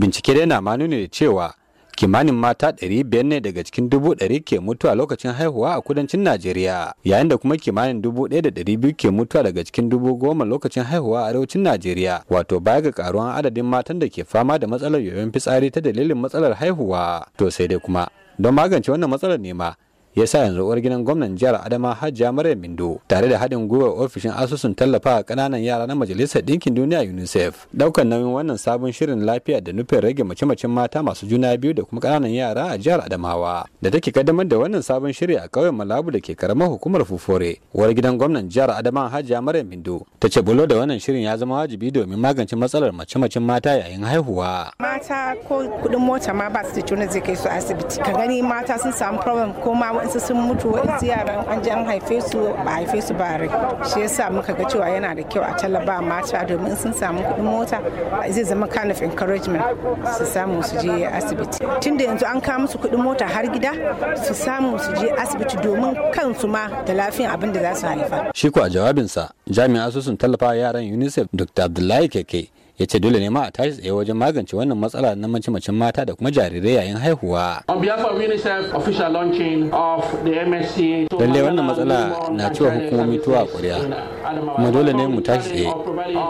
bincike dai na ma nuni da cewa kimanin mata 500 ne daga cikin 100 ke mutuwa lokacin haihuwa a kudancin Najeriya yayin da kuma kimanin 1,200 ke mutuwa daga cikin 10,000 lokacin haihuwa a arewacin Najeriya wato baya ga karuwan adadin matan da ke fama da matsalar yoyon fitsari ta dalilin matsalar haihuwa to sai dai kuma don magance wannan matsalar nema. ya sa yanzu uwar gidan gwamnan jihar adama hajiya maryam mindo tare da haɗin gwiwar ofishin asusun tallafa ƙananan yara na majalisar ɗinkin duniya unicef ɗaukar nauyin wannan sabon shirin lafiya da nufin rage mace-macen mata masu juna biyu da kuma ƙananan yara a jihar adamawa da take kaddamar da wannan sabon shiri a ƙauyen malabu da ke karamar hukumar fufore uwar gidan gwamnan jihar adama hajiya maryam mindo ta ce bulo da wannan shirin ya zama wajibi domin magance matsalar mace-macen mata yayin haihuwa mata ko kuɗin mota ma ba su da juna zai kai su asibiti ka gani mata sun samu problem ko ma wasu sun mutu wa'ansu yaran an ji an haife su ba haife su ba rai shi yasa muka ga cewa yana da kyau a tallaba mata domin sun samu kuɗin mota zai zama kind of encouragement su samu su je asibiti tunda yanzu an kawo musu kuɗin mota har gida su samu su je asibiti domin kansu ma da lafiyan abin da za su haifa shi ko a jawabinsa jami'a su sun tallafa yaran UNICEF Dr. Abdullahi Keke ya ce dole ne ma a tashi tsaye wajen magance wannan matsala na mace-macen mata da kuma jarirai yayin haihuwa. UNICEF official of the MSC. Lallai wannan matsala na cewa hukumomi tuwa kuriya kuma dole ne mu tashi tsaye.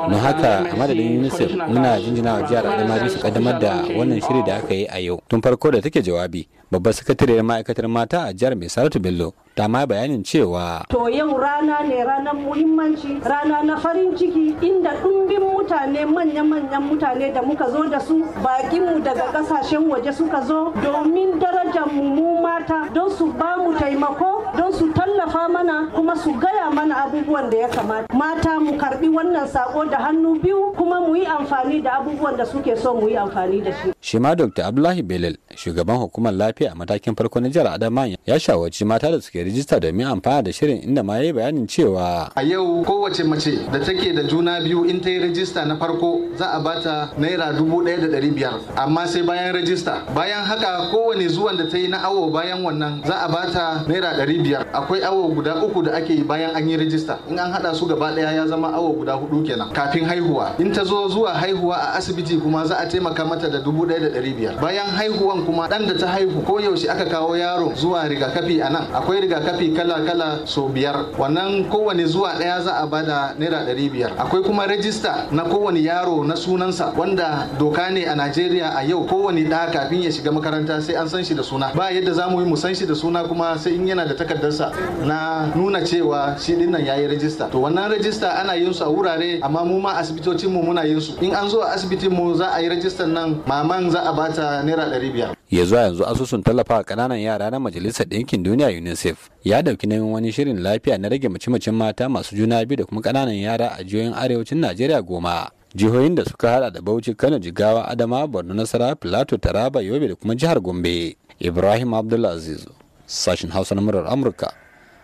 mu haka a madadin UNICEF muna jinjina wa jihar Adamari su kaddamar da wannan shiri da aka yi a yau. Tun farko da take jawabi babbar sakatariyar ma'aikatar mata a jihar mai Saratu Bello ta ma bayanin cewa. To yau rana ne ranar muhimmanci rana na farin ciki inda ɗumbin mutane manya-manyan mutane da muka zo da su bakinmu daga kasashen waje suka zo domin darajar mu mata don su ba mu taimako don su tallafa mana kuma su gaya mana abubuwan da ya kamata mata mu karbi wannan sako da hannu biyu kuma mu yi amfani da abubuwan da suke so mu yi amfani da shi shima ma dr abdullahi belal shugaban hukumar lafiya a matakin farko na jihar adama ya shawarci mata da suke rijista domin amfana da shirin inda ma yayi bayanin cewa a yau kowace mace da take da juna biyu in ta yi rijista na farko za a bata naira dubu ɗaya da ɗari biyar amma sai bayan rijista bayan haka kowane zuwan da ta yi na awo bayan wannan za a bata naira ɗari biyar akwai awo awo guda uku da ake bayan an yi rijista in an hada su gaba daya ya zama awo guda hudu kenan kafin haihuwa in ta zo zuwa haihuwa a asibiti kuma za a taimaka mata da dubu ɗaya da dari biyar bayan haihuwan kuma dan da ta haihu ko yaushe aka kawo yaro zuwa rigakafi a nan akwai rigakafi kala kala so biyar wannan kowane zuwa ɗaya za a bada naira ɗari biyar akwai kuma rajista na kowane yaro na sunansa wanda doka ne a najeriya a yau kowane da kafin ya shiga makaranta sai an san shi da suna ba yadda za mu yi mu san shi da suna kuma sai in yana da takardarsa na nuna cewa shi din nan yayi rajista to wannan rajista ana yin su a wurare amma mu ma asibitocin mu muna yin su in an zo a asibitin mu za a yi rajistan nan maman za a bata naira ɗari biyar ya zuwa yanzu asusun tallafa kananan yara na majalisar ɗinkin duniya unicef ya ɗauki neman wani shirin lafiya na rage mace-macen mata masu juna biyu da kuma kananan yara a jihohin arewacin najeriya goma jihohin da suka hada da bauchi kano jigawa adama borno nasara plateau taraba yobe da kuma jihar gombe ibrahim abdulaziz sashin hausa na murar amurka